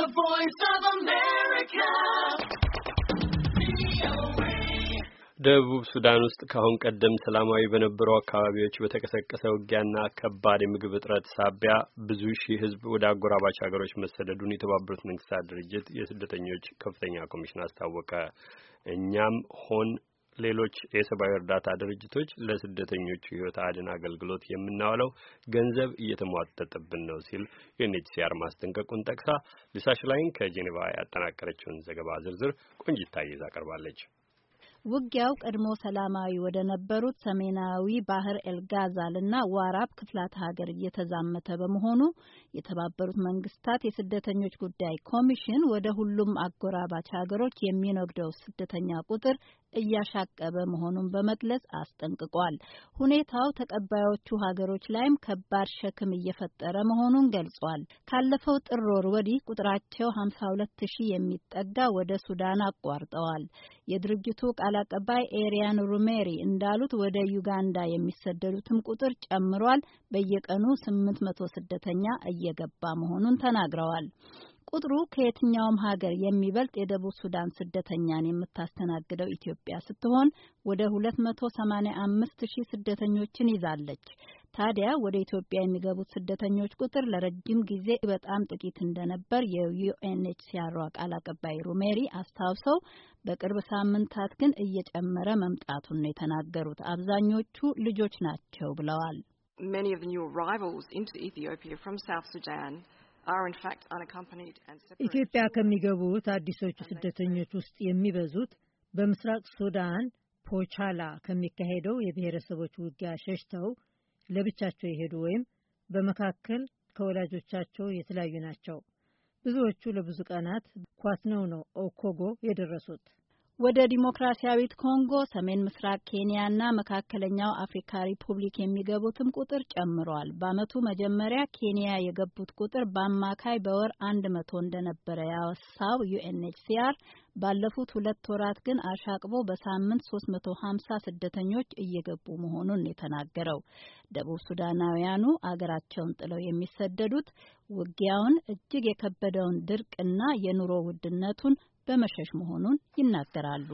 The Voice of America. ደቡብ ሱዳን ውስጥ ከአሁን ቀደም ሰላማዊ በነበሩ አካባቢዎች በተቀሰቀሰ ውጊያና ከባድ የምግብ እጥረት ሳቢያ ብዙ ሺህ ሕዝብ ወደ አጎራባች ሀገሮች መሰደዱን የተባበሩት መንግስታት ድርጅት የስደተኞች ከፍተኛ ኮሚሽን አስታወቀ። እኛም ሆን ሌሎች የሰብአዊ እርዳታ ድርጅቶች ለስደተኞቹ ህይወት አድን አገልግሎት የምናውለው ገንዘብ እየተሟጠጠብን ነው ሲል ዩኤንኤችሲአር ማስጠንቀቁን ጠቅሳ ሊሳሽ ላይን ከጄኔቫ ያጠናቀረችውን ዘገባ ዝርዝር ቆንጅታ ይዛ ቀርባለች። ውጊያው ቀድሞ ሰላማዊ ወደ ነበሩት ሰሜናዊ ባህር ኤልጋዛል እና ዋራብ ክፍላተ ሀገር እየተዛመተ በመሆኑ የተባበሩት መንግስታት የስደተኞች ጉዳይ ኮሚሽን ወደ ሁሉም አጎራባች ሀገሮች የሚነግደው ስደተኛ ቁጥር እያሻቀበ መሆኑን በመግለጽ አስጠንቅቋል። ሁኔታው ተቀባዮቹ ሀገሮች ላይም ከባድ ሸክም እየፈጠረ መሆኑን ገልጿል። ካለፈው ጥር ወር ወዲህ ቁጥራቸው 52 ሺህ የሚጠጋ ወደ ሱዳን አቋርጠዋል። የድርጅቱ ቃል አቀባይ ኤሪያን ሩሜሪ እንዳሉት ወደ ዩጋንዳ የሚሰደዱትም ቁጥር ጨምሯል። በየቀኑ 800 ስደተኛ እየገባ መሆኑን ተናግረዋል። ቁጥሩ ከየትኛውም ሀገር የሚበልጥ የደቡብ ሱዳን ስደተኛን የምታስተናግደው ኢትዮጵያ ስትሆን ወደ 285 ሺህ ስደተኞችን ይዛለች። ታዲያ ወደ ኢትዮጵያ የሚገቡት ስደተኞች ቁጥር ለረጅም ጊዜ በጣም ጥቂት እንደነበር የዩኤንኤችሲአር ቃል አቀባይ ሩሜሪ አስታውሰው በቅርብ ሳምንታት ግን እየጨመረ መምጣቱን ነው የተናገሩት። አብዛኞቹ ልጆች ናቸው ብለዋል። ኢትዮጵያ ከሚገቡት አዲሶቹ ስደተኞች ውስጥ የሚበዙት በምስራቅ ሱዳን ፖቻላ ከሚካሄደው የብሔረሰቦች ውጊያ ሸሽተው ለብቻቸው የሄዱ ወይም በመካከል ከወላጆቻቸው የተለያዩ ናቸው። ብዙዎቹ ለብዙ ቀናት ኳስ ነው ኦኮጎ የደረሱት። ወደ ዲሞክራሲያዊት ኮንጎ፣ ሰሜን ምስራቅ ኬንያ እና መካከለኛው አፍሪካ ሪፑብሊክ የሚገቡትም ቁጥር ጨምሯል። በአመቱ መጀመሪያ ኬንያ የገቡት ቁጥር በአማካይ በወር አንድ መቶ እንደነበረ ያወሳው ዩኤንኤችሲአር ባለፉት ሁለት ወራት ግን አሻቅቦ በሳምንት 3መቶ ሀምሳ ስደተኞች እየገቡ መሆኑን የተናገረው ደቡብ ሱዳናውያኑ አገራቸውን ጥለው የሚሰደዱት ውጊያውን፣ እጅግ የከበደውን ድርቅና የኑሮ ውድነቱን በመሸሽ መሆኑን ይናገራሉ።